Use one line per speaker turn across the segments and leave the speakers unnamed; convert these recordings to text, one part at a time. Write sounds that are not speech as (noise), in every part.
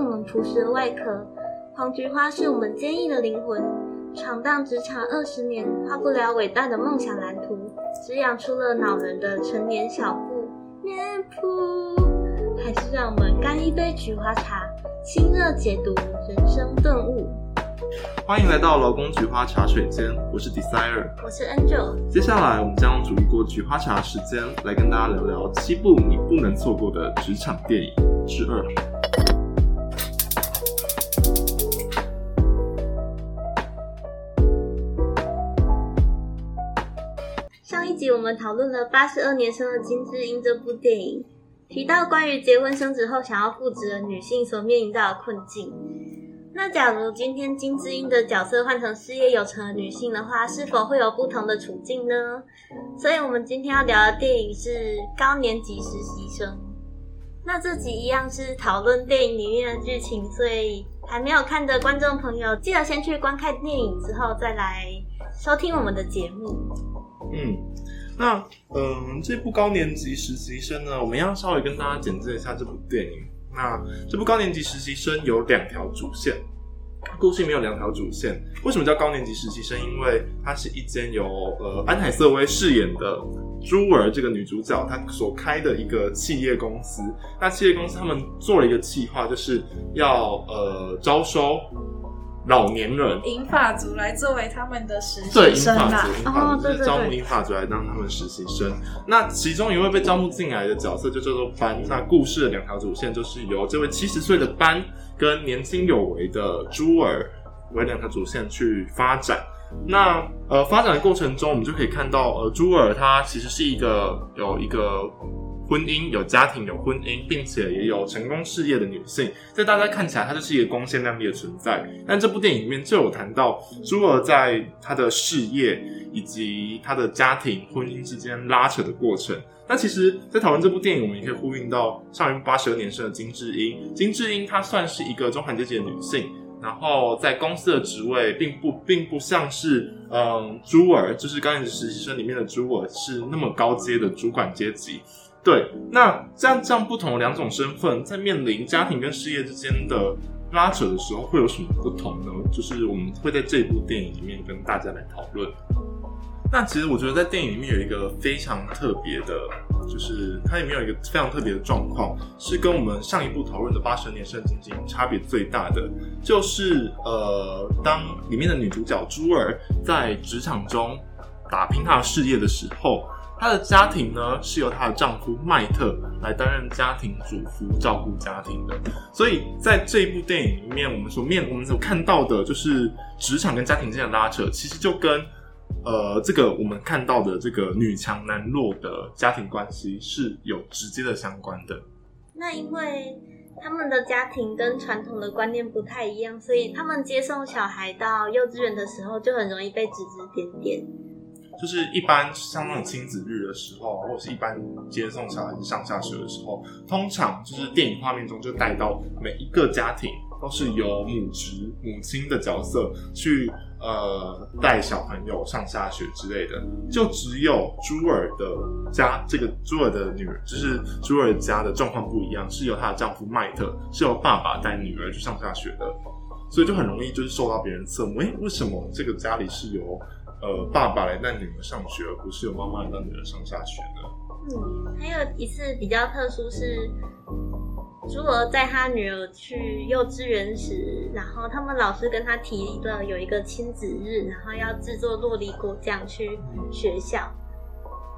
我們樸實的外殼，黃菊花是我們堅毅的靈魂。闖蕩職場二十年，畫不了偉大的夢想藍圖，只養出了惱人的成年小布。面鋪，還是讓我們乾一杯菊花茶，清熱解毒，人生頓悟。
歡迎來到勞工菊花茶水間，我是 Desire，我是
Angel。
接下來我們將用一鍋菊花茶的時間來跟大家聊聊七部你不能錯過的職場電影之二。
我們討論了《八十二年生的金智英》這部電影，提到關於結婚生子後想要復職的女性所面臨到的困境。那假如今天金智英的角色換成事業有成的女性的話，是否會有不同的處境呢？所以我們今天要聊的電影是《高年級實習生》。那這集一樣是討論電影裡面的劇情，所以還沒有看的觀眾朋友，記得先去觀看電影之後再來收聽我們的節
目。嗯。
那嗯，這部高年級實習生呢，我們要稍微跟大家簡介一下這部電影。那這部高年級實習生有兩條主線，故事沒有兩條主線。為什麼叫高年級實習生？因為它是一間由呃安海瑟薇飾演的茱兒這個女主角，她所開的一個企業公司。那企業公司他們做了一個計劃，就是要呃招收。老年人
銀髮族來作為他們的實習生吧、啊，哦，對對對，銀髮族，銀髮族，招募銀
髮族來當他們實習生。那其中一位被招募進來的角色就叫做班。那故事的兩條主線就是由這位七十歲的班跟年輕有為的茱兒為兩條主線去發展。那呃，發展的過程中，我們就可以看到，呃，茱兒他其實是一個有一個。婚姻有家庭有婚姻，並且也有成功事業的女性，在大家看起來，她就是一個光鮮亮麗的存在。但這部電影裡面就有談到朱爾在她的事業以及她的家庭婚姻之間拉扯的過程。但其實，在討論這部電影，我們也可以呼應到上一部八十二年生的金智英。金智英她算是一個中產階級的女性，然後在公司的職位並不並不像是嗯朱爾，就是高年級實習生裡面的朱爾是那麼高階的主管階級。對，那這樣這樣不同的兩種身份在面臨家庭跟事業之間的拉扯的時候，會有什麼不同呢？就是我們會在這部電影裡面跟大家來討論。那其實我覺得在電影裡面有一個非常特別的，就是它裡面有一個非常特別的狀況，是跟我們上一部討論的《八二年生的金智英》差別最大的，就是呃，當裡面的女主角茱兒在職場中打拼她的事業的時候。她的家庭呢，是由她的丈夫麥特來擔任家庭主夫，照顧家庭的，所以在這部電影裡面，我們所面我們所看到的就是職場跟家庭之間的拉扯，其實就跟呃這個我們看到的這個女強男弱的家庭關係是有直接的相關的。
那因為他們的家庭跟傳統的觀念不太一樣，所以他們接送小孩到幼稚園的時候就很容易被指指點點。
就是一般像那種親子日的時候，或是一般接送小孩去上下學的時候，通常就是電影畫面中就帶到每一個家庭都是由母職母親的角色去呃帶小朋友上下學之類的。就只有朱爾的家，這個朱爾的女兒，就是朱爾家的狀況不一樣，是由她的丈夫邁特，是由爸爸帶女兒去上下學的，所以就很容易就是受到別人側目。誒、欸，為什麼這個家裡是由？呃，爸爸來帶女兒上學，而不是有媽媽來帶女兒上下學的。嗯，
還有一次比較特殊是，茱兒帶他女兒去幼稚園時，然後他們老師跟他提了有一個親子日，然後要制作酪梨果醬去學校。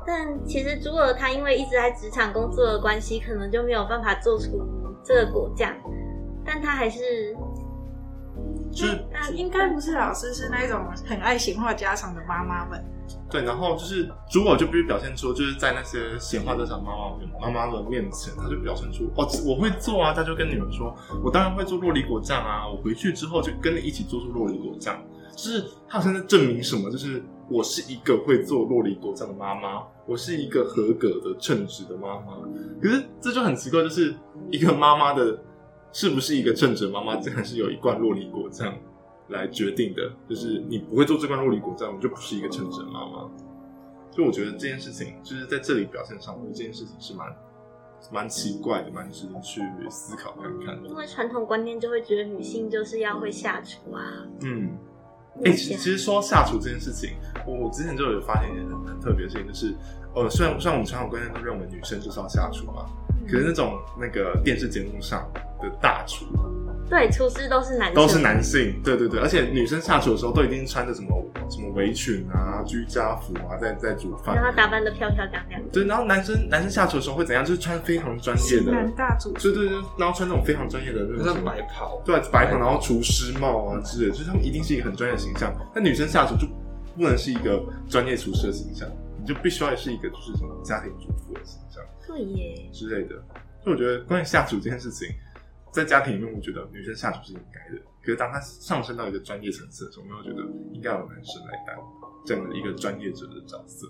但其實茱兒他因為一直在職場工作的關係，
可能就沒有辦法做出這個果醬，但他還是。就是，嗯嗯、應該不是老師，是那種很
愛閒話家常的媽媽們。對，然後就是主角就必須表現出就是在那些閒話家常媽媽媽媽們面前，她就表現出哦，我會做啊，她就跟你們說，我當然會做酪梨果醬啊，我回去之後就跟你一起做出酪梨果醬，就是她好像在證明什麼，就是我是一個會做酪梨果醬的媽媽，我是一個合格的稱職的媽媽。可是這就很奇怪，就是一個媽媽的。是不是一個稱職媽媽，竟然是有一罐酪梨果醬來決定的。就是你不會做這罐酪梨果醬，這樣我們就不是一個稱職媽媽。所以我覺得這件事情就是在這裡表現上，我覺得這件事情是蠻蠻奇怪的，蠻值得去思考看看的。因
為傳統觀念就會覺得女性就是要會下廚
啊。嗯，哎、欸，其實說下廚這件事情，我我之前就有發現一件很特別的事情，就是哦，雖然雖然我們傳統觀念都認為女生就是要下廚嘛、嗯，可是那種那個電視節目上。的大廚，
對，廚師都是男，都是男
性，對對對，而且女生下廚的時候都一定穿着什麼什麼圍裙啊、居家服啊，在在煮飯，然後
他打扮的漂漂亮
亮。對，然後男生男生下廚的時候會怎樣？就是穿非常專業的型男大主廚，啊，對對對，然後穿那種非常專業的那種白袍，對白袍，白袍，然後廚師帽啊之類的，就是他們一定是一個很專業的形象。那女生下廚就不能是一個專業廚師的形象，你就必須要是一個就是什麼家庭主婦的形象，對耶之類的。所以我覺得關於下廚這件事情。在家庭裡面，我覺得女生下廚是應該的。可是當她上升到一個專業層次的時候，我們覺得應該有男生來擔這樣的一個專業者的角色。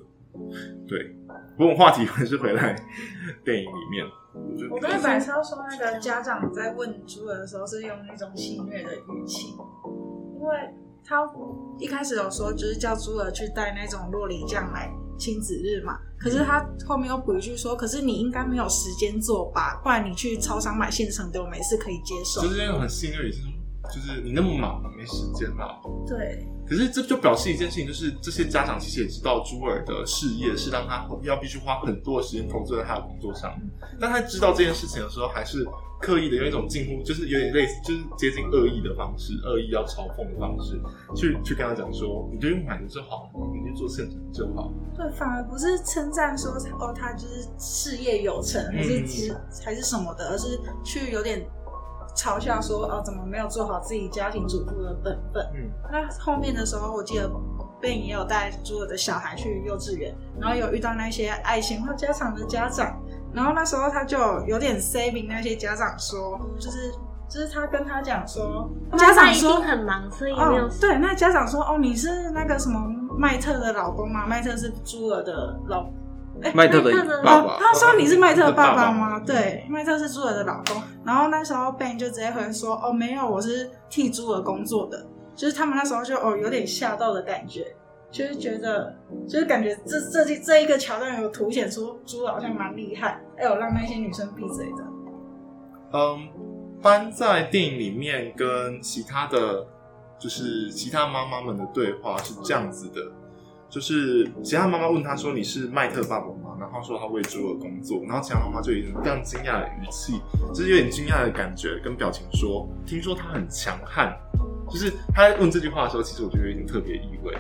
對，不過我話題還是回來電影裡面。我，我跟白超說，
說，那個家長在問茱兒的時候，是用那種侵略的語氣，因為他一開始有說，就是叫茱兒去帶那種酪梨醬來。親子日嘛，可是他後面又補一句說、嗯，可是你應該沒有時間做吧，不然你去超商買現成的，我沒事可以接受。就是那
種很幸運，就是、就是你那麼忙，沒時間了、啊。對、嗯。可是這就表示一件事情，就是這些家長其實也知道，茱兒的事業是讓他要必須花很多的時間投資在他的工作上。當、嗯、他知道這件事情的時候，還是。刻意的用一種近乎就是有點類似，就是接近惡意的方式，惡意要嘲諷的方式，去去跟他講說，你就用買的就好，你就做現成就好。
對，反而不是稱讚說哦、喔，他就是事業有成，還是其實還是什麼的，而是去有點嘲笑說哦、喔，怎麼沒有做好自己家庭主婦的本分？嗯，那後面的時候，我記得 Ben 也有帶所有的小孩去幼稚園，然後有遇到那些愛話家常的家長。然後那時候他就有點 saving 那些家長說，就是就是他跟他講說，嗯，家長說很忙，所以沒有說。哦，對，那家長說，哦，你是那個什麼麥特的老公嗎？麥特是朱爾的老，哎，麥特的爸爸。他說你是麥特的爸爸嗎？對，麥特是朱爾的老公。然後那時候 Ben 就直接回來說，哦，沒有，我是替朱爾工作的。就是他們那時候就哦有點嚇到的感覺。就是覺得，就是感覺這這這一個橋段有凸顯出茱好像蠻厲害，還、嗯、有、哎、讓那些女生閉嘴
的。嗯，搬在電影裡面跟其他的就是其他媽媽們的對話是這樣子的，就是其他媽媽問他說：“你是麥特爸爸嗎？”然後說他為茱而工作。然後其他媽媽就有一種這樣驚訝的語氣，就是有點驚訝的感覺跟表情說：“聽說他很強悍。”就是他在問這句話的時候，其實我覺得有點特別意味。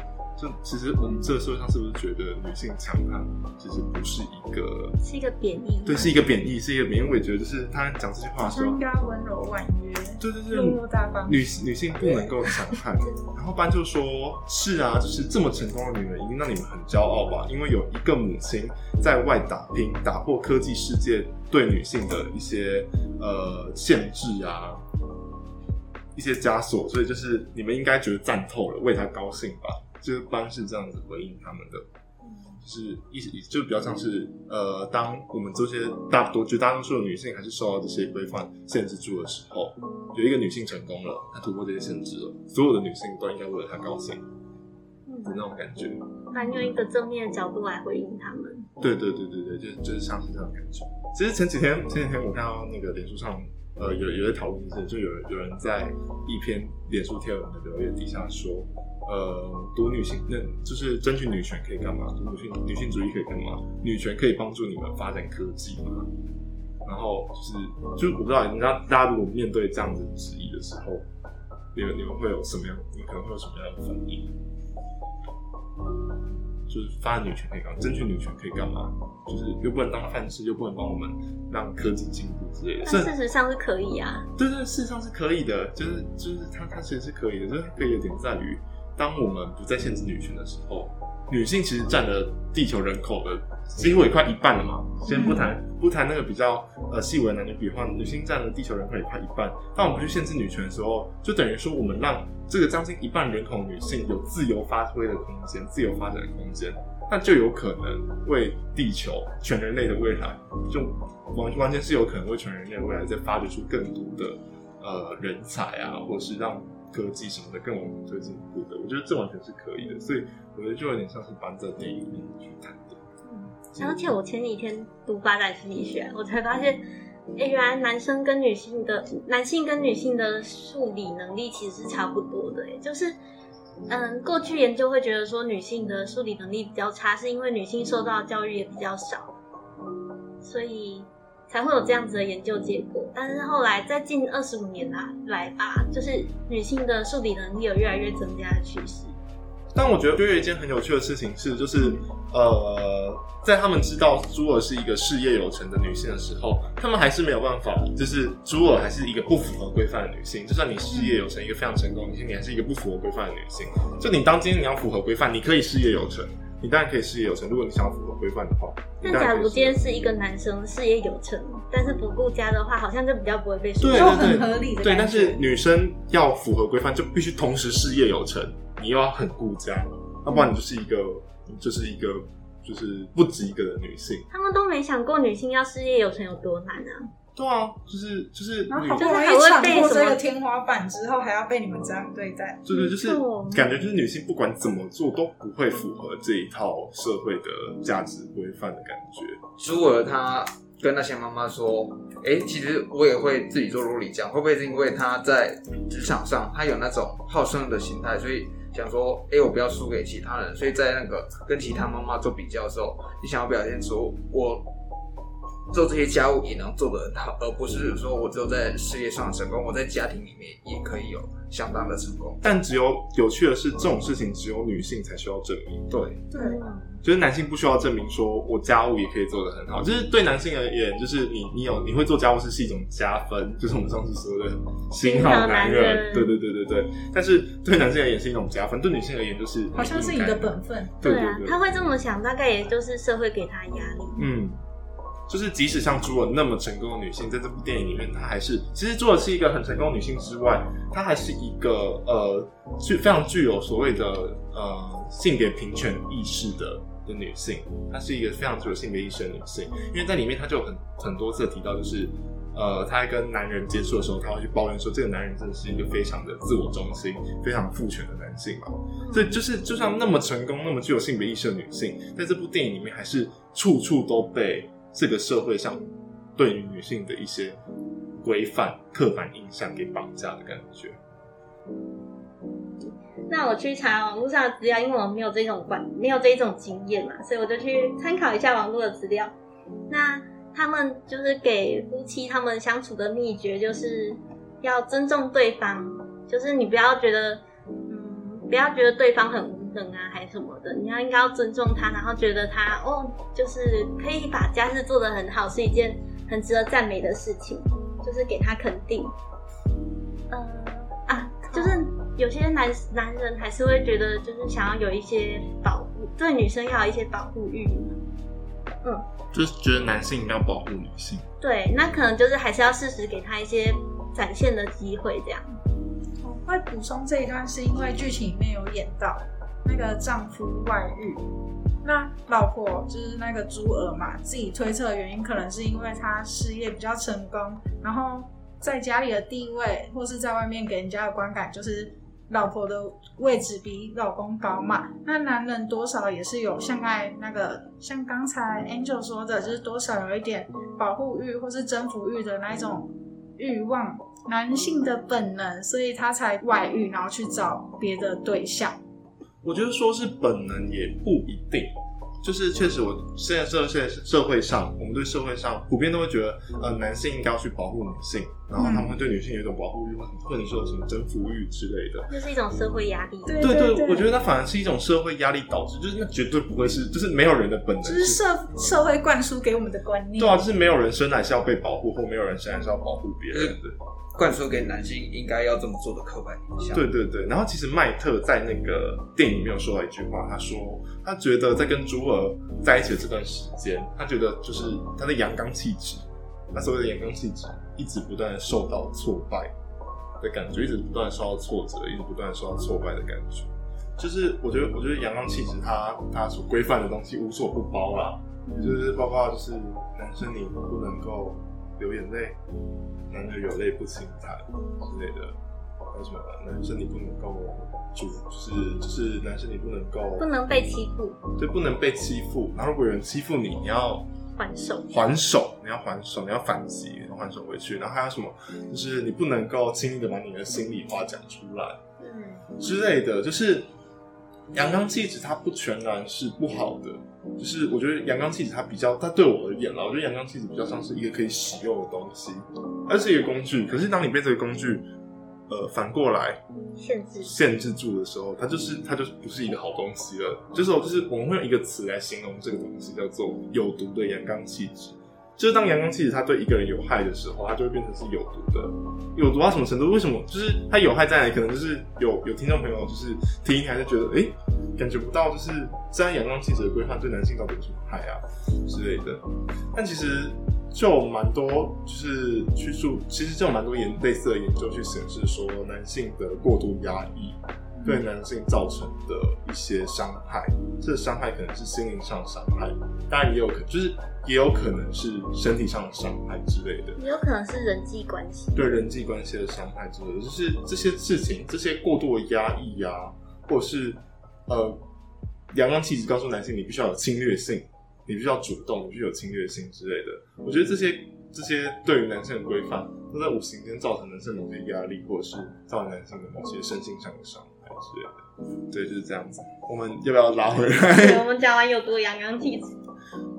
其實我們這個社會上是不是覺得女性強悍，其實不是一個是一個貶
義，對，是一
個貶義，是一個貶義。我也覺得，就是她講這些話的時候，應
該溫柔婉約，對對對，
女女性不能夠強悍。然後班就說：“是啊，就是這麼成功的女人，一定讓你們很驕傲吧？因為有一個母親在外打拼，打破科技世界對女性的一些呃限制啊，一些枷鎖，所以就是你們應該覺得讚透了，為她高興吧。”就是班是這樣子回應他們的，嗯、就是意思就比較像是呃，當我們這些大多就大多數的女性還是受到這些規範限制住的時候、嗯，有一個女性成功了，她突破這些限制了，所有的女性都應該為了她高興、嗯，就那
種感覺。那用一個正面的角度來回應他
們，對、嗯、對對對對，就就是像是這種感覺。其實前幾天前幾天我看到那個臉書上呃有有一些討論是，就有人有人在一篇臉書貼文的留言底下說。呃，讀女性，那就是爭取女權可以幹嘛？讀女性女性主義可以幹嘛？女權可以幫助你們發展科技嘛？然後就是就是我不知道，你知道大家如果面對這樣子質疑的時候，你們你們會有什麼樣？你們可能會有什麼樣的反應？就是發展女權可以幹嘛？爭取女權可以幹嘛？就是又不能當飯吃，又不能幫我們讓科技進步之類的。但事
實上是可以啊。嗯，對，對對，事實上
是可以的，就是就是他他其實是可以的，就是可以的點在於。當我們不再限制女權的時候，女性其實占了地球人口的幾乎也快一半了嘛。先不談不談那個比較呃細微的男女比，比如說女性占了地球人口也快一半。當我們不去限制女權的時候，就等於說我們讓這個將近一半人口女性有自由發揮的空間、自由發展的空間，那就有可能為地球全人類的未來，就完完全是有可能為全人類的未來再發掘出更多的呃人才啊，或是讓。科技什麼的跟我們推進一步我覺得這完全是可以的，所以我覺得就有點像是搬在第一面去
談的。嗯，而且我前幾天讀發展心理學，我才發現，哎、欸，原來男生跟女性的男性跟女性的數理能力其實是差不多的、欸，就是嗯，過去研究會覺得說女性的數理能力比較差，是因為女性受到教育也比較少，所以。才會有這樣子的研究結果，但是後來在近二十五年、啊、來吧，就是女性的數理能力有越來越增加的趨勢。
但我覺得，就有一件很有趣的事情是，就是呃，在他們知道茱兒是一個事業有成的女性的時候，他們還是沒有辦法，就是茱兒還是一個不符合規範的女性。就算你事業有成，一個非常成功女性，你還是一個不符合規範的女性。就你當今天你要符合規範，你可以事業有成。你當然可以事業有成，如果你想符合規範的話。但假如今
天是一個男生事業有成，但是不顧家的話，好像就比較不會被說。對，很合理的。對，但是
女生要符合規範，就必須同時事業有成，你又要很顧家，要、嗯啊、不然你就是一個，就是一個，就是不及格的女性。
他們都沒想過女性要事業有成有多難啊。
對啊，就是就是，然後好不容易闖過這個
天花板之後，還要被你們這樣對待，就是就是，感
覺就是女性不管怎麼做都不會符合這一套社會的價值規範的感覺。茱兒她跟那些媽媽說，
哎、欸，其實我也會自己做酪梨醬，會不會是因為她在職場上她有那種好勝的心態，所以想說，哎、欸，我不要輸給其他人，所以在那個跟其他媽媽做比較的時候，你想要表現出我。做這些家務也能做得很好，而不是說我只有在事業上成功，我在家庭裡面也可以有相當
的成功。但只有有趣的是，這種事情只有女性才需要證明。對對，就是男性不需要證明說我家務也可以做得很好，就是對男性而言，就是你你有你會做家務是是一種加分，就是我們上次說的“新好男人”。對對對對對，但是對男性而言是一種加分，對女性而言就是好像是你的本
分，對對對。對啊，他會這麼想，大概也就是社會給他壓力。
嗯。就是即使像茱兒那麼成功的女性，在這部電影裡面，她還是其實做的是一個很成功的女性之外，她還是一個呃，具非常具有所謂的呃性別平權意識的的女性。她是一個非常具有性別意識的女性，因為在裡面她就很很多次提到，就是呃，她在跟男人接觸的時候，她會去抱怨說，這個男人真的是一個非常的自我中心、非常父權的男性嘛。所以就是，就像那麼成功、那麼具有性別意識的女性，在這部電影裡面，還是處處都被。這個社會上對於女性的一些規範、刻板印象給綁架的感覺。
那我去查網、哦、絡上的資料，因為我沒有這種關，沒有這種經驗嘛，所以我就去參考一下網絡的資料。那他們就是給夫妻他們相處的秘訣，就是要尊重對方，就是你不要覺得，嗯，不要覺得對方很。冷啊，還是什麼的，你要應該要尊重他，然後覺得他哦，就是可以把家事做得很好，是一件很值得讚美的事情，就是給他肯定。嗯、啊，就是有些男男人還是會覺得，就是想要有一些保護，對女生要有一些保護欲。嗯，就
是覺得男性應該要保護女性。
對，那可能就是還是要適時給他一些展現的機會，這樣。
我會補充這一段，是因為劇情裡面有演到的。那個丈夫外遇，那老婆就是那個茱兒嘛。自己推測的原因，可能是因為他事業比較成功，然後在家裡的地位，或是在外面給人家的觀感，就是老婆的位置比老公高嘛。那男人多少也是有像愛那個，像剛才 Angel 說的，就是多少有一點保護欲，或是征服欲的那一種欲望，男性的本能，所以他才外遇，然後去找別的對象。
我覺得說是本能也不一定，就是確實，我現在社會社會上，我們對社會上普遍都會覺得，呃，男性應該要去保護女性、嗯，然後他們會對女性有一種保護欲，或者說什麼征服欲之類的，那、就
是一種社會壓力。嗯、對，對，對對，我覺得
那反而是一種社會壓力導致，就是那絕對不會是，就是沒有人的本能，就
是社、嗯、社會灌輸給我們的觀念。對啊，
就是沒有人生來是要被保護，或沒有人生來是要保護別人的。對。灌輸給男性應該要這麼做的刻板印象。對對對，然後其實麥特在那個電影裡面有說到一句話，他說他覺得在跟朱爾在一起的這段時間，他覺得就是他的陽剛氣質，他所謂的陽剛氣質一直不斷的受到挫敗的感覺，一直不斷的受到挫折，一直不斷的受到挫敗的感覺。就是我覺得，我覺得陽剛氣質他他所規範的東西無所不包啦，就是包括就是男生你不能夠。流眼淚，男兒有淚不輕彈之類的，還有什麼？男生你不能夠，就是就是男生你不能夠，不能被欺負，對，不能被欺負。然後如果有人欺負你，你要
還手，還
手，你要還手，你要反擊，你要還手回去。然後還有什麼？就是你不能夠輕易的把你的心裡話講出來，嗯，之類的，就是。陽剛氣質它不全然是不好的，就是我覺得陽剛氣質它比較，它對我而言啦，我覺得陽剛氣質比較像是一個可以使用的東西，它是一個工具。可是當你被這個工具，呃，反過來限制、限制住的時候，它就是它就是不是一個好東西了。就是我就是我們會用一個詞來形容這個東西，叫做有毒的陽剛氣質。就是當陽剛氣質它對一個人有害的時候，它就會變成是有毒的，有毒到什麼程度？為什麼？就是它有害在哪，可能就是有有聽眾朋友就是聽還是覺得欸，感覺不到，就是在陽剛氣質的規範對男性到底有什麼害啊之類的。但其實就蠻多就是去數其實就有蠻多也類似的研究去顯示說，男性的過度壓抑對男性造成的一些傷害，這個傷害可能是心靈上的傷害，當然也有可能就是。也有可能是身體上的傷害之類的，
也有可能是人際關係，對
人際關係的傷害之類的，就是這些事情，這些過度的壓抑啊，或者是呃，陽剛氣質告訴男性你必須要有侵略性，你必須要主動，你必須有侵略性之類的。我覺得這些這些對於男性的規範，都在無形間造成男性某些壓力，或者是造成男性的某些身心上的傷害之類的。對，就是這樣子。我們要不要拉回來？我們
講完有毒陽剛氣
質，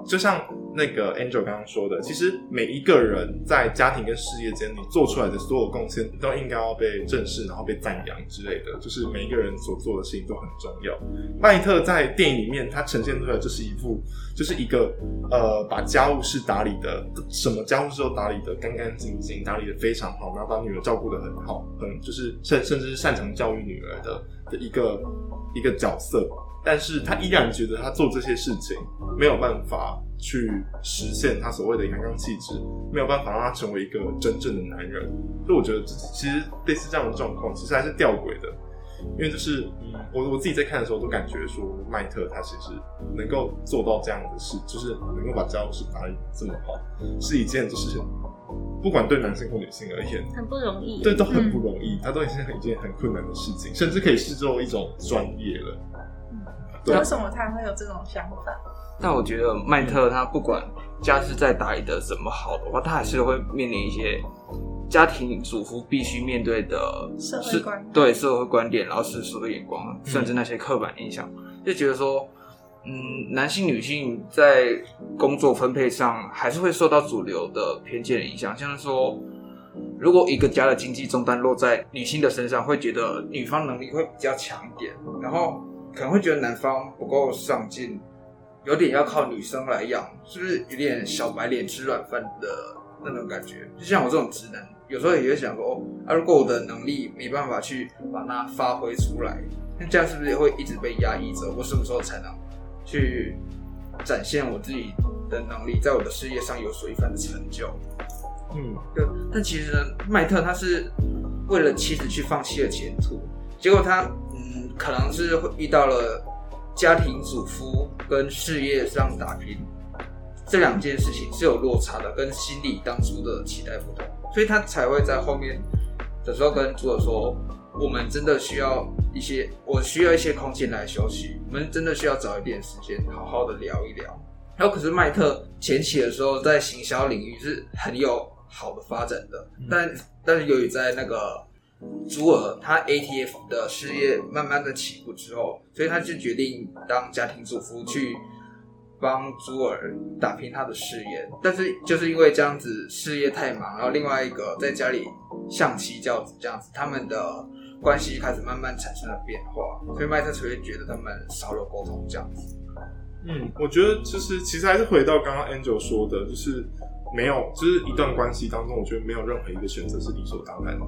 就像。那個 Angel 剛剛說的，其實每一個人在家庭跟事業間，你做出來的所有貢獻，都應該要被正視，然後被讚揚之類的。就是每一個人所做的事情都很重要。麥特在電影裡面，他呈現出來，就是一副，就是一個呃，把家務事打理的，什麼家務事都打理的乾乾淨淨，打理的非常好，然後把女兒照顧的很好，嗯，就是甚甚至是擅長教育女兒的的一個一個角色。但是他依然覺得他做這些事情沒有辦法。去實現他所謂的陽剛氣質，沒有辦法讓他成為一個真正的男人，所以我覺得其實類似這樣的狀況，其實還是吊詭的。因為就是我我自己在看的時候，都感覺說麥特他其實能夠做到這樣的事，就是能夠把家務事打理這麼好，是一件就是不管對男性或女性而言，
很不容易，對，都很
不容易，嗯、他都很一件很困難的事情，甚至可以視作一種專業了、
嗯對。為什麼他會有這種想法？
但我覺得麥特他不管家事在打理的怎麼好的話，他還是會面臨一些家庭主婦必須面對的社會觀對社會觀點，然後世俗的眼光，甚至那些刻板印象、嗯，就覺得說，嗯，男性女性在工作分配上還是會受到主流的偏見影響，像是說，如果一個家的經濟重擔，落在女性的身上，會覺得女方能力會比較強一點，然後可能會覺得男方不夠上進。有點要靠女生來養，是不是有點小白臉吃軟飯的那種感覺？就像我這種直男，有時候也會想說：哦、啊，如果我的能力沒辦法去把它發揮出來，那這樣是不是也會一直被壓抑着？我什麼時候才能去展現我自己的能力，在我的事業上有所一番的成就？嗯，對。但其實呢，麥特他是為了妻子去放棄了前途，結果他嗯，可能是會遇到了。家庭主夫跟事業上打拼這兩件事情是有落差的，跟心裡當初的期待不同，所以他才會在後面的時候跟作者說：“我們真的需要一些，我需要一些空間來休息，我們真的需要找一點時間好好的聊一聊。”然後，可是麥特前期的時候在行銷領域是很有好的發展的，但但是由於在那個。朱爾他 ATF 的事業慢慢的起步之後，所以他就決定當家庭主夫，去幫茱兒打拼他的事業。但是就是因為這樣子事業太忙，然後另外一個在家裡相妻教子這樣子，他們的關係開始
慢慢產生了變化。所以麥特才會覺得他們少有溝通這樣子。嗯，我覺得其實其實還是回到剛剛 Angel 說的，就是。沒有，就是一段關係當中，我覺得沒有任何一個選擇是理所當然的，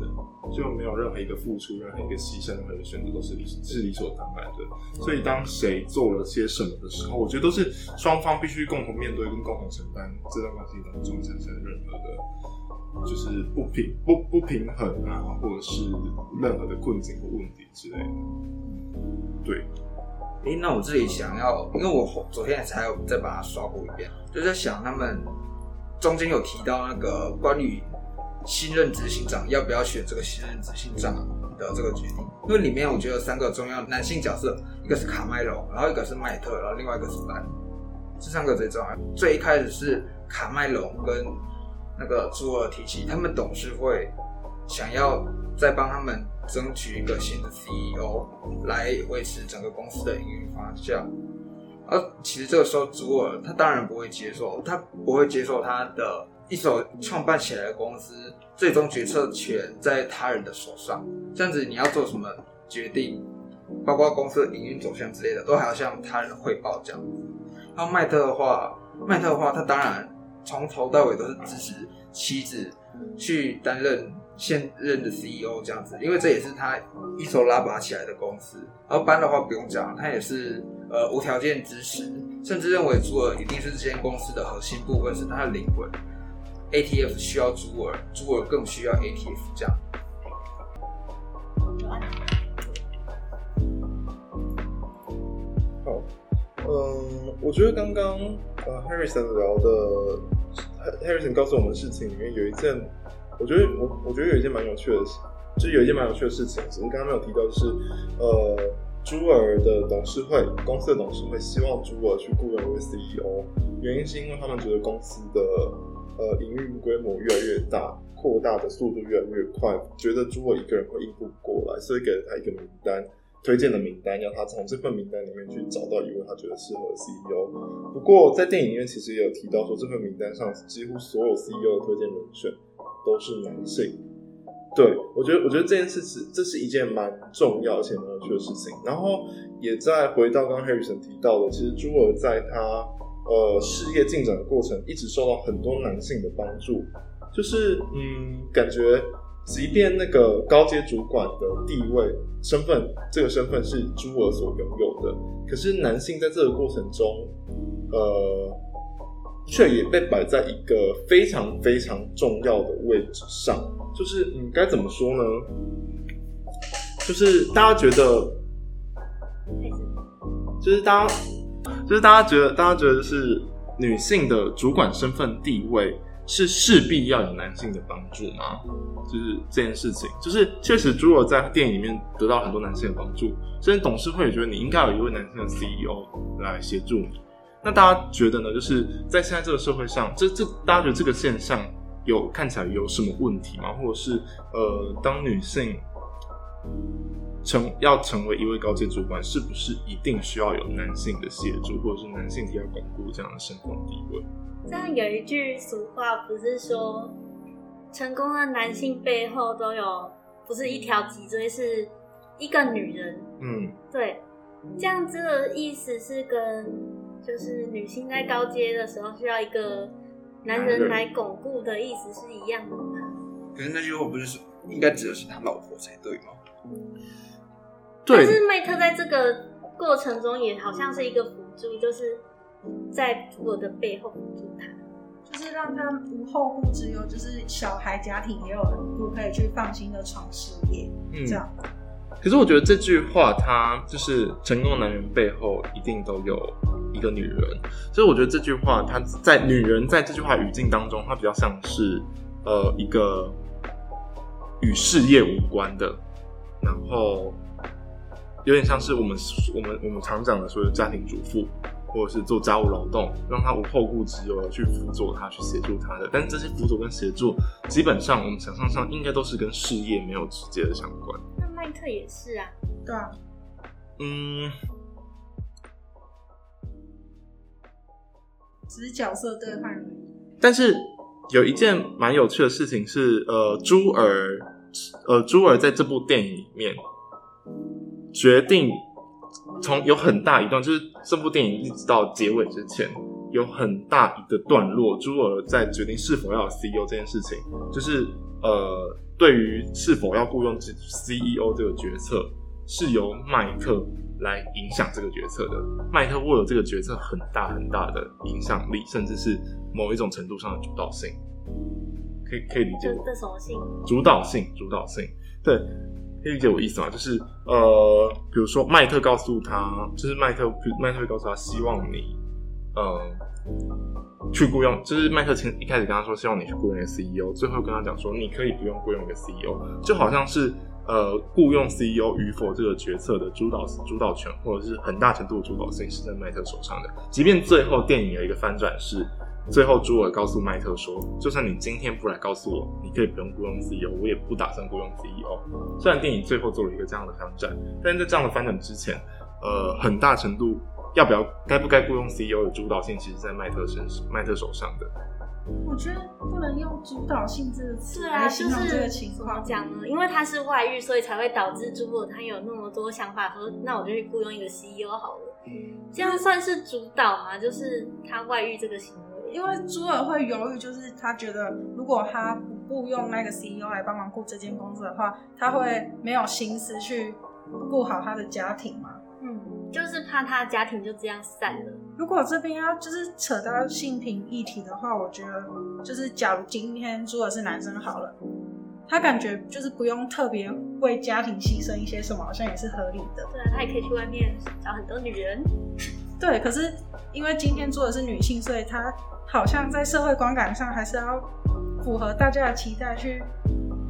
就沒有任何一個付出、任何一個犧牲、任何一個選擇都是理是理所當然的。所以當誰做了些什麼的時候，嗯、我覺得都是雙方必須共同面對跟共同承擔。這段關係當中產生任何的，就是不平不不平衡啊，或者是任何的困境或問題之類的。對。
欸、那我自己想要，因為我昨天才有再把它刷過一遍，就在想他們。中間有提到那個關於新任執行長要不要選這個新任執行長的這個決定，因為裡面我覺得三個重要男性角色，一個是卡麥隆，然後一個是邁特，然後另外一個是蘭。這三個最重要。最一開始是卡麥隆跟那個茱兒提起，他們董事會想要再幫他們爭取一個新的 CEO 來維持整個公司的營運方向。而其實這個時候，茱兒他當然不會接受，他不會接受他的一手創辦起來的公司最終決策權在他人的手上。這樣子，你要做什麼決定，包括公司的營運走向之類的，都還要向他人匯報這樣子。然後麥特的話，麥特的話，他當然從頭到尾都是支持妻子去擔任現任的 CEO 這樣子，因為這也是他一手拉拔起來的公司。然後班的話，不用講，他也是。呃、無條件支持，甚至認為茱兒一定是這間公司的核心部分，是他的靈魂。ATF 需要茱兒，茱兒更需要 ATF，這樣。
好，嗯、
呃，我覺得剛剛呃，Harrison 聊的，Harrison 告訴我們的事情裡面有一件，我覺得我,我覺得有一件蠻有趣的事，就是有一件蠻有趣的事情，只是剛剛沒有提到的是，就是呃。茱兒的董事會，公司的董事會希望茱兒去雇傭一位 CEO，原因是因為他們覺得公司的呃營運規模越來越大，擴大的速度越來越快，覺得茱兒一個人會應付不過來，所以給了他一個名單，推薦的名單，讓他從這份名單裡面去找到一位他覺得適合的 CEO。不過在電影院其實也有提到說，這份名單上幾乎所有 CEO 的推薦人選都是男性。對，我覺得，我覺得這件事是，這是一件蠻重要且蠻有趣的，的事情。然後，也再回到剛剛 Harrison 提到的，其實茱兒在她呃事業進展的過程，一直受到很多男性的幫助。就是，嗯，感覺，即便那個高階主管的地位、身份，這個身份是茱兒所擁有的，可是男性在這個過程中，呃，卻也被擺在一個非常非常重要的位置上。就是嗯，你該怎麼說呢？就是大家覺得，就是大家，就是大家覺得，大家覺得，就是女性的主管身份地位是勢必要有男性的幫助嗎？就是這件事情，就是確實茱兒在電影裡面得到很多男性的幫助，甚至董事會也覺得你應該有一位男性的 CEO 來協助你。那大家覺得呢？就是在現在這個社會上，這這大家覺得這個現象？有看起來有什麼問題嗎？或者是呃，當女性成要成為一位高階主管，是不是一定需要有男性的協助，或者是男性要鞏固這樣的身份地位？
這樣，有一句俗話不是說，成功的男性背後都有不是一條脊椎，是一個女人。嗯，對，這樣子的意思是跟就是女性在高階的時候需要一個，男人來鞏固的意
思是一樣的嗎？可是那句話不是應該只有是他老婆才對嗎？嗯、
對。但是麥
特在這個過程中也好像是一個輔助，就是
在我的背後輔助他，嗯，就是讓他無後顧之憂，就是小孩家庭也有人可以去放心的闖事業，這樣。
可是我覺得這句話，他就是成功男人背後一定都有，一個女人，所以我覺得這句話，她，在女人在這句話語境當中，她比較像是呃一個與事業無關的，然後有點像是我們我們我們常講的所謂的家庭主婦，或者是做家務勞動，讓她無後顧之憂去輔佐他去協助他的。但這些輔佐跟協助，基本上我們想象上應該都是跟事業沒有直接的相關。
那麥特也是啊，
對啊，嗯。只是角色對
換而已。但是有一件蠻有趣的事情是，呃，茱兒，呃，茱兒在這部電影裡面決定從有很大一段，就是這部電影一直到結尾之前有很大一個段落，茱兒在決定是否要有 CEO 這件事情，就是呃，對於是否要雇傭 CEO 這個決策是由麥克。來影響這個決策的，麥特握有這個決策很大很大的影響力，甚至是某一種程度上的主導性。可以可以理解嗎？這
什麼性？主
導性，主導性。對，可以理解我意思嗎？就是呃，比如說麥特告訴他，就是麥特麥特會告訴他，希望你、呃、去僱傭，就是麥特前一開始跟他說，希望你去僱傭一個 CEO，最後跟他講說，你可以不用僱傭一個 CEO，就好像是。呃，僱傭 CEO 與否這個決策的主導主導權，或者是很大程度的主導性，是在麥特手上的。即便最後電影有一個翻轉是，最後茱兒告訴麥特說，就算你今天不來告訴我，你可以不用僱傭 CEO，我也不打算僱傭 CEO。雖然電影最後做了一個這樣的翻轉，但是在這樣的翻轉之前，呃，很大程度要不要該不該僱傭 CEO 的主導性，其實在麥特身上，麥特手上的。
我覺得不能用主導性
質的詞，是啊，就是況。不好講了，因為他是外遇，所以才會導致茱兒他有那麼多想法說。說那我就去雇傭一個 CEO 好了，這樣算是主導嗎？就
是他外遇這個行為，因為茱兒會猶豫，就是他覺得如果他不雇傭那個 CEO 來幫忙雇這間工作的話，他會沒有心思去顧好他的家庭嘛，嗯，就是怕他的家庭就這樣散了。如果我這邊要就是扯到性平議題的話，我覺得就是假如今天做的是男生好了，他感覺就是不用特別為家庭犧牲一些什麼，好像也是合理的。對，他也可以去外面找很多女人。 (laughs) 對，可是因為今天做的是女性，所以他好像在社會觀感上還是要符合大家的期待，去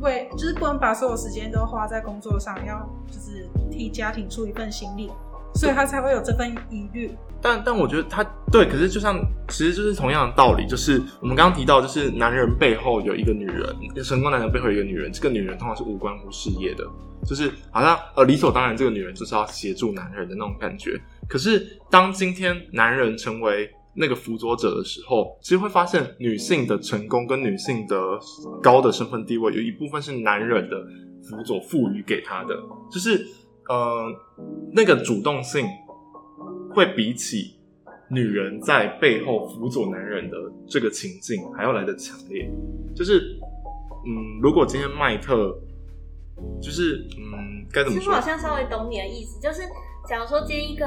為就是不能把所有時間都花在工作上，要就是替家庭出一份心力。所以他才會有這
份疑慮，但但我覺得他對，可是就像其實就是同樣的道理，就是我們剛剛提到，就是男人背後有一個女人，成功男人背後有一個女人，這個女人通常是無關乎事業的，就是好像呃理所當然，這個女人就是要協助男人的那種感覺。可是當今天男人成為那個輔佐者的時候，其實會發現女性的成功跟女性的高的身份地位有一部分是男人的輔佐賦予給他的，就是。呃，那個主動性會比起女人在背後輔佐男人的這個情境還要來得強烈。就是，嗯，如果今天麥特，就是，嗯，該怎麼說？其實我好像
稍微懂你的意思，就是假如說今天一個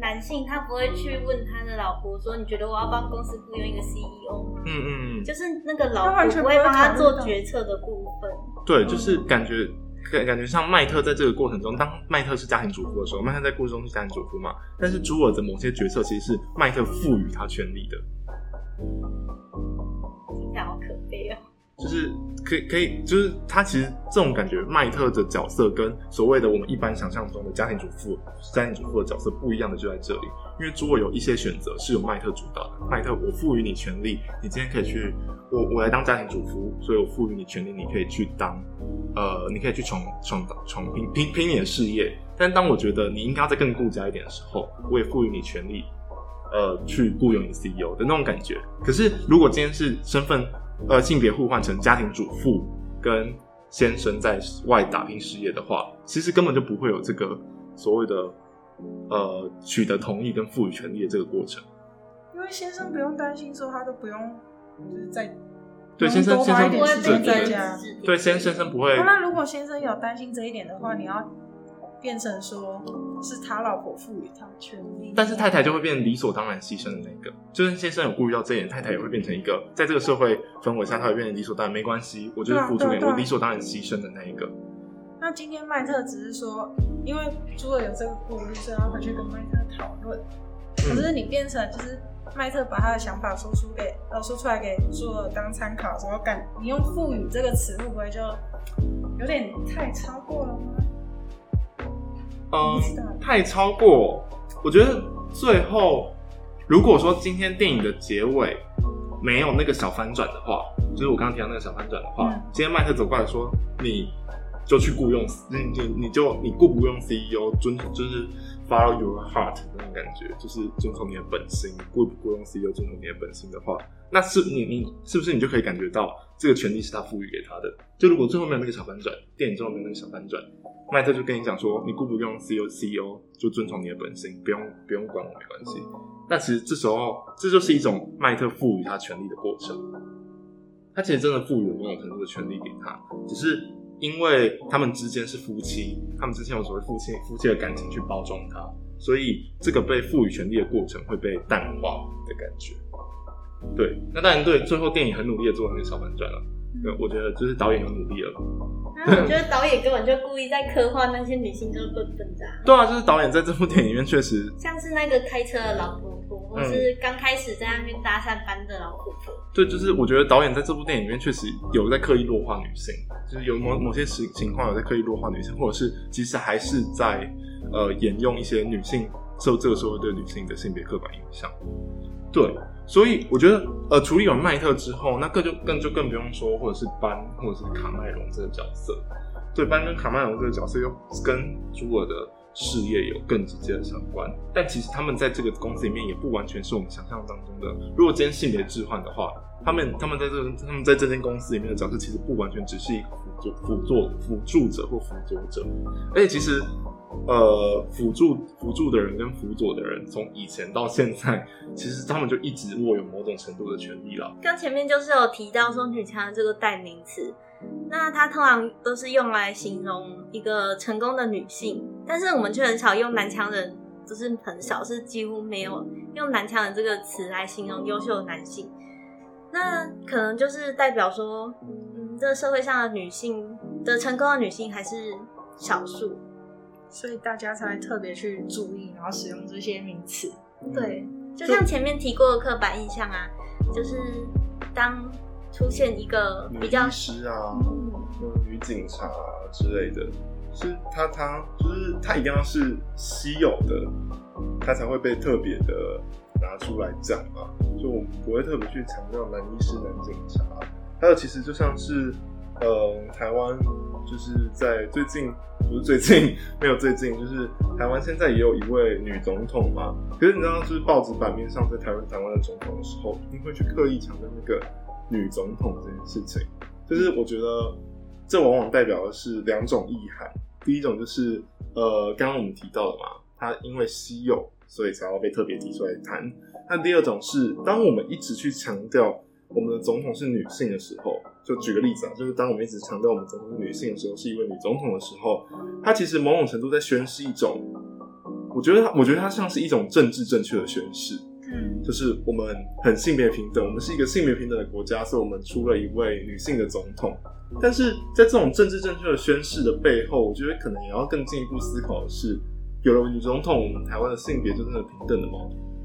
男性，他不會去問他的老婆說：“你覺得我要幫公司僱傭一個 CEO？” 嗯嗯嗯，就是那個老婆不會幫他做決策的部分。嗯嗯、對，就是
感覺。感感覺像麥特在這個過程中，當麥特是家庭主婦的時候，麥特在故事中是家庭主婦嘛？但是茱兒的某些決策其實是麥特賦予他權力的，
好可悲啊，
就是可以可以，就是他其實這種感覺，麥特的角色跟所謂的我們一般想象中的家庭主婦、家庭主婦的角色不一樣的就在這裡。因為諸位有一些選擇是由麥特主導的，麥特，我賦予你權利，你今天可以去，我我來當家庭主婦，所以我賦予你權利，你可以去當，呃，你可以去闖闖闖、拼拼拼你的事業。但當我覺得你應該要再更顧家一點的時候，我也賦予你權利，呃，去雇傭你 CEO 的那種感覺。可是如果今天是身份呃、性別互換成家庭主婦跟先生在外打拼事業的話，其實根本就不會有這個所謂的。呃，取得同意跟賦予權利的這個過程，
因為先生不用擔心，說他都不用，嗯、就是在
對先生花一點時間在家對對先生不會在家，對先生先生不會。那
如果先生有擔心這一點的話、嗯，你要變成說是他老婆賦予他權利，
但是太太就會變理所當然犧牲的那個，就是先生有顧慮到這一點，太太也會變成一個在這個社會氛圍下，他會變成理所當然，沒關係，我就是付出、啊啊啊，我理所當然犧牲的那一個。
那今天麥特只是說。因為茱兒有這個故事，然後他去跟邁特討論、嗯。可是你變成就是邁特把他的想法說出給呃說出來給茱兒當參考之後，感你用賦予這個詞會不會就有點太超過了
嗎？嗯，太超過。我覺得最後如果說今天電影的結尾沒有那個小翻轉的話，就是我剛剛提到那個小翻轉的話，嗯、今天邁特走過來說你。就去雇用，你、你就你雇不雇用 CEO 遵，就是，follow your heart 那種感覺，就是遵從你的本心。雇不雇用 CEO 遵從你的本心的話，那是你你是不是你就可以感覺到這個權力是他賦予給他的？就如果最後沒有那個小反轉，電影最後沒有那個小反轉，麥特就跟你講說，你雇不雇用 CEO，CEO 就遵從你的本心，不用不用管我沒關係。那其實這時候，這就是一種麥特賦予他權力的過程，他其實真的賦予了某種程度的權力給他，只是。因為他們之間是夫妻，他們之間有所謂夫妻夫妻的感情去包裝他，所以這個被賦予權利的過程會被淡化的感覺。對，那當然對，最後電影很努力的做那個小反轉了。對，我覺得就是導演很努力了。那、嗯啊、我覺
得導演根本就故意在刻畫那些女性就是笨
笨的。 (laughs) 對啊，就是導演在這部電影裡面確實
像是那個開車的老婆。嗯我是剛開始在那邊搭訕班的老婆、
嗯。對，就是我覺得導演在這部電影裡面確實有在刻意弱化女性，就是有某某些情情況有在刻意弱化女性，或者是其實還是在呃沿用一些女性受這個社會對女性的性別刻板印象。對，所以我覺得呃處理完麥特之後，那個就更就更不用說，或者是班或者是卡麥隆這個角色，對，班跟卡麥隆這個角色又跟茱兒的。事業有更直接的相關，但其實他們在這個公司裡面也不完全是我們想象當中的。如果今天性別置換的話，他們他們在這他們在這間公司裡面的角色其實不完全只是一個輔助輔助輔助者或輔佐者，而且其實呃輔助輔助的人跟輔佐的人從以前到現在，其實他們就一直握有某種程度的權利了。
剛前面就是有提到說女強的這個代名詞。那它通常都是用來形容一個成功的女性，但是我們卻很少用男強人，就是很少，是幾乎沒有用男強人這個詞來形容優秀的男性。那可能就是代表說，嗯，這個社會上的女性的成功的女性還是少數，所以大家才會特別去注意，然後使用這些名詞。對，就像前面提過的刻板印象啊，就是當。出現一個
比較女醫師啊、嗯，女警察之類的，是她，她就是她一定要是稀有的，她才會被特別的拿出來講嘛，就我不會特別去強調男醫師、男警察。還有，其實就像是，呃，台灣就是在最近，不是最近，沒有最近，就是台灣現在也有一位女總統嘛。可是你知道，就是報紙版面上在台灣台灣的總統的時候，一定會去刻意強調那個。女總統這件事情，就是我覺得這往往代表的是兩種意涵。第一種就是呃，剛剛我們提到的嘛，她因為稀有，所以才要被特別提出來談。那第二種是，當我們一直去強調我們的總統是女性的時候，就舉個例子啊，就是當我們一直強調我們總統是女性的時候，是一位女總統的時候，她其實某種程度在宣示一種，我覺得她，我覺得她像是一種政治正確的宣示。就是我們很性別平等，我們是一個性別平等的國家，所以我們出了一位女性的總統。但是在這種政治正確的宣誓的背後，我覺得可能也要更進一步思考的是，有了女總統，我們台灣的性別就真的平等了嗎？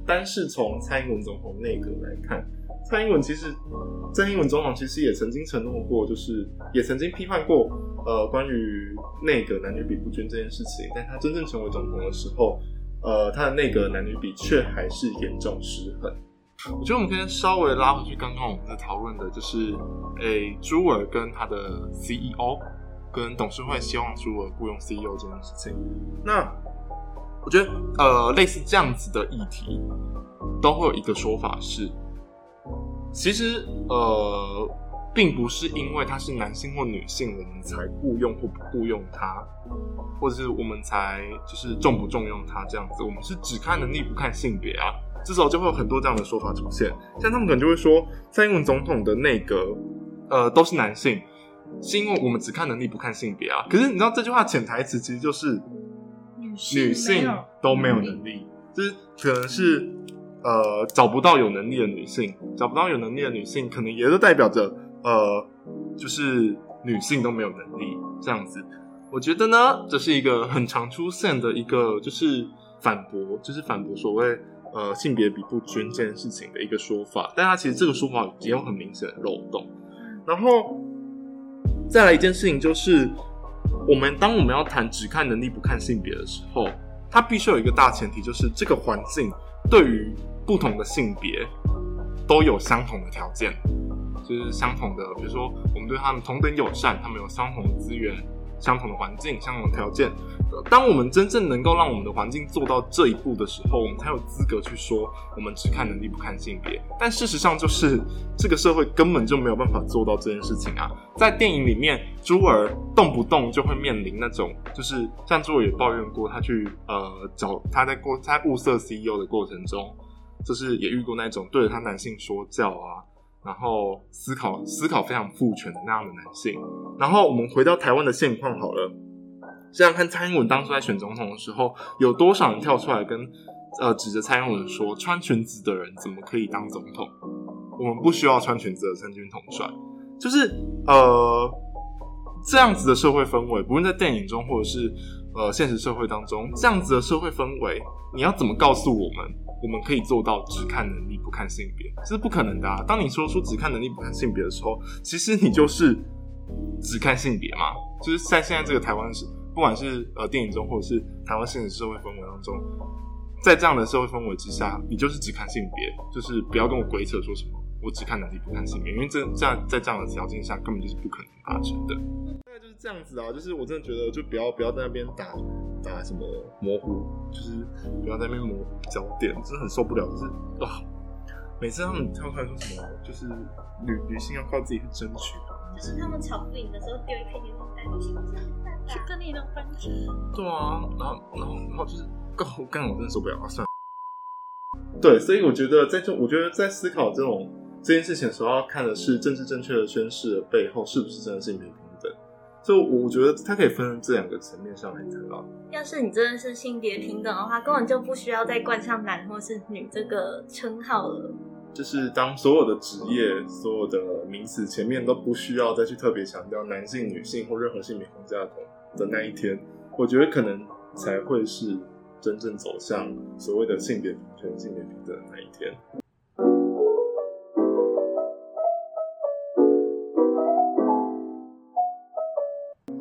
但是從蔡英文總統內閣來看，蔡英文其實，蔡英文總統其實也曾經承諾過，就是也曾經批判過，呃，關於內閣男女比不均這件事情。但他真正成為總統的時候。呃，他的那個男女比卻還是嚴重失衡。我覺得我們可以稍微拉回去，剛剛我們在討論的就是，誒、欸，茱兒跟他的 CEO 跟董事會希望茱兒僱傭 CEO 這件事情。那我覺得，呃，類似這樣子的議題，都會有一個說法是，其實，呃。並不是因為他是男性或女性，我們才雇傭或不雇傭他，或者是我們才就是重不重用他這樣子。我們是只看能力，不看性別啊。這時候就會有很多這樣的說法出現。像他們可能就會說，蔡英文總統的內閣，呃，都是男性，是因為我們只看能力，不看性別啊。可是你知道這句話潛台詞其實就是女性都沒有能力，就是可能是呃找不到有能力的女性，找不到有能力的女性，可能也就代表着。呃，就是女性都沒有能力這樣子，我覺得呢，這是一個很常出現的一個，就是反駁，就是反駁所謂呃性別比不均這件事情的一個說法。但他其實這個說法也有很明顯的漏洞。然後再來一件事情就是，我們當我們要談只看能力不看性別的時候，它必須有一個大前提，就是這個環境對於不同的性別都有相同的條件。就是相同的，比如說我們對他們同等友善，他們有相同的資源、相同的環境、相同的條件。呃，當我們真正能夠讓我們的環境做到這一步的時候，我們才有資格去說我們只看能力不看性別。但事實上，就是這個社會根本就沒有辦法做到這件事情啊！在電影裡面，茱兒動不動就會面臨那種，就是像茱兒也抱怨過他、呃，他去呃找他在過他物色 CEO 的過程中，就是也遇過那種對着他男性說教啊。然後思考思考非常父權的那樣的男性，然後我們回到台灣的現況好了。想想看，蔡英文當初在選總統的時候，有多少人跳出來跟呃指着蔡英文說：“穿裙子的人怎麼可以當總統？我們不需要穿裙子的三軍統帥。就是呃這樣子的社會氛圍，不論在電影中或者是呃現實社會當中，這樣子的社會氛圍，你要怎麼告訴我們？我們可以做到只看能力，不看性別，這是不可能的啊，當你說出只看能力，不看性別的時候，其實你就是只看性別嘛。就是在現在這個台灣是，不管是呃電影中或者是台灣現實社會氛圍當中，在這樣的社會氛圍之下，你就是只看性別，就是不要跟我鬼扯說什麼。我只看能力，不看性別，因為這這樣在，在這樣的條件下根本就是不可能達成的。大概就是這樣子啊，就是我真的覺得，就不要不要在那邊打打什麼模糊，就是不要在那邊模糊焦點，真的很受不了。就是哇、啊、每次他們跳出來說什麼，就是女女性要靠自己去爭取，就是，是他們
吵不贏的時候
丟一片臉，哎、啊，女性去跟那種冠軍。對啊，然後然後然後就是更更，啊、我真的受不了啊！算了，對，所以我覺得在這，我覺得在思考這種。這件事情所要看的是政治正確的宣示的，背後是不是真的性別平等，就我覺得它可以分成這兩個層面上來看到。
要是你真的是性別平等的話，根本就不需要再冠上男或是女這個稱號
了、嗯。就是當所有的職業、嗯、所有的名詞前面都不需要再去特別強調男性、女性或任何性別框架的那一天，我覺得可能才會是真正走向所謂的性別平權、性別平等的那一天。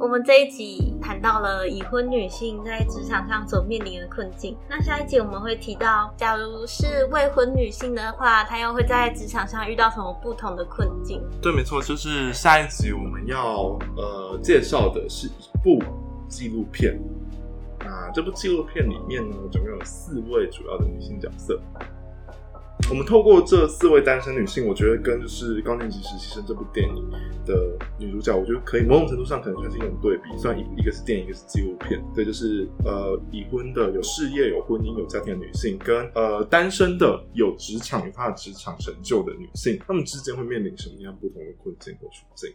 我們這一集談到了已婚女性在職場上所面臨的困境，那下一集我們會提到，假如是未婚女性的話，她又會在職場上遇到什麼不同的困境？
對，沒錯，就是下一集我們要，呃，介紹的是一部紀錄片。那這部紀錄片裡面呢，總共有四位主要的女性角色。我們透過這四位單身女性，我覺得跟就是《高年級實習生》這部電影的女主角，我覺得可以某種程度上可能是一種對比，算一一個是電影，一個是紀錄片。對，就是呃，已婚的有事業、有婚姻，有家庭的女性，跟呃單身的有職場、有她的職場成就的女性，她們之間會面臨什麼樣不同的困境或處境？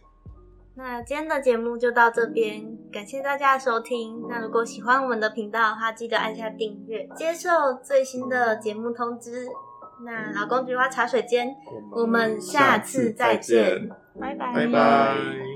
那今天的節目就到這邊，感謝大家的收聽。那如果喜歡我們的頻道的話，記得按下訂閱，接受最新的節目通知。那勞工局花茶水間，嗯，我們下次再見，再見拜拜。拜拜拜拜。